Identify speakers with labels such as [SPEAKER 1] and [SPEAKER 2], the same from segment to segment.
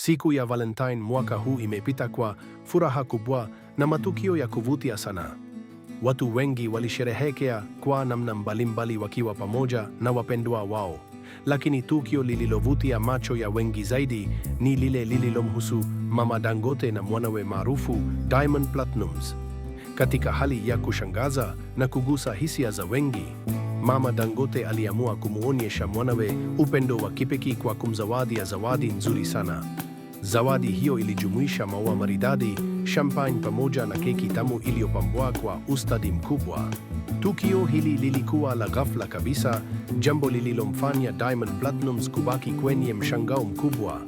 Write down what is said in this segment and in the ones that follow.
[SPEAKER 1] Siku ya Valentine mwaka huu imepita kwa furaha kubwa na matukio ya kuvutia sana. Watu wengi walisherehekea kwa namna mbalimbali wakiwa pamoja na wapendwa wao, lakini tukio lililovutia macho ya wengi zaidi ni lile lililomhusu Mama Dangote na mwanawe maarufu Diamond Platnumz. Katika hali ya kushangaza na kugusa hisia za wengi, Mama Dangote aliamua kumwonyesha mwanawe upendo wa kipekee kwa kumzawadia zawadi nzuri sana. Zawadi hiyo ilijumuisha maua maridadi, champagne pamoja na keki tamu iliyopambwa kwa ustadi mkubwa. Tukio hili lilikuwa la ghafla kabisa, jambo lililomfanya Diamond Platnumz kubaki kwenye mshangao mkubwa.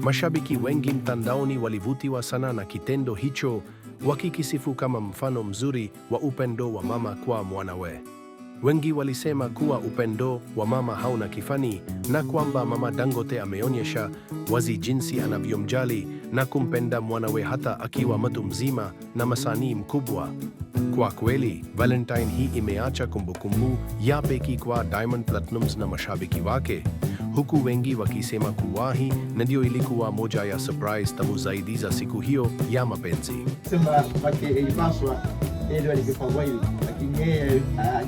[SPEAKER 1] Mashabiki wengi mtandaoni walivutiwa sana na kitendo hicho, wakikisifu kama mfano mzuri wa upendo wa mama kwa mwanawe. Wengi walisema kuwa upendo wa mama hauna kifani na kwamba Mama Dangote ameonyesha wazi jinsi anavyomjali na kumpenda mwanawe hata akiwa mtu mzima na msanii mkubwa. Kwa kweli, Valentine hii imeacha kumbukumbu ya pekee kwa Diamond Platnumz na mashabiki wake, huku wengi wakisema kuwa hii ndio ilikuwa moja ya surprise tamu zaidi za siku hiyo ya mapenzi.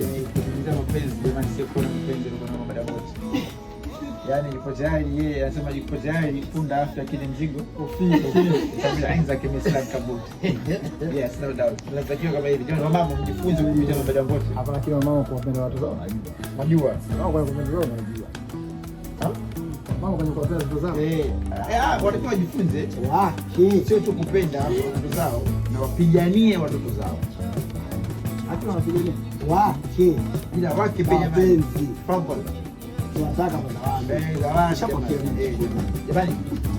[SPEAKER 2] Yaani, kuzungumzia mapenzi jamani, sio kuona mapenzi na mada wote. Yaani yuko tayari yeye, anasema yuko tayari punda afya kile mzigo ufike kabla anza kimesla kabuti. kama hivi. Jamani, mama mjifunze kupitia mada wote.
[SPEAKER 3] Hapana, kila mama kwa upendo watu zao anajua. Mama kwa upendo wao anajua. zao. Eh, eh
[SPEAKER 2] ah, watakiwa wajifunze. Sio tu kupenda watoto zao na wapiganie watoto zao.
[SPEAKER 3] Eh, eh, lakini wanategemea wake bila wake penye
[SPEAKER 2] tunataka
[SPEAKER 3] shapokea,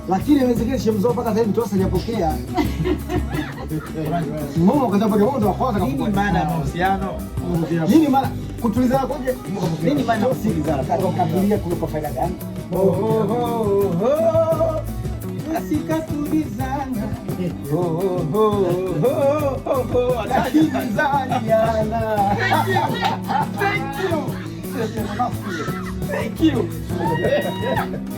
[SPEAKER 3] lakini inawezekana shemu zao mpaka sasa hivi tosa hajapokea mmoja kaza pokea mmoja wa kwanza.
[SPEAKER 2] Nini maana ya mahusiano?
[SPEAKER 3] Nini maana kutulizana kwaje?
[SPEAKER 2] Nini maana kutulizana?
[SPEAKER 3] Kukabilia kuliko faida gani?
[SPEAKER 2] oh, oh, oh. oh, oh, oh, oh, oh, oh. Thank you. Thank you. Thank you.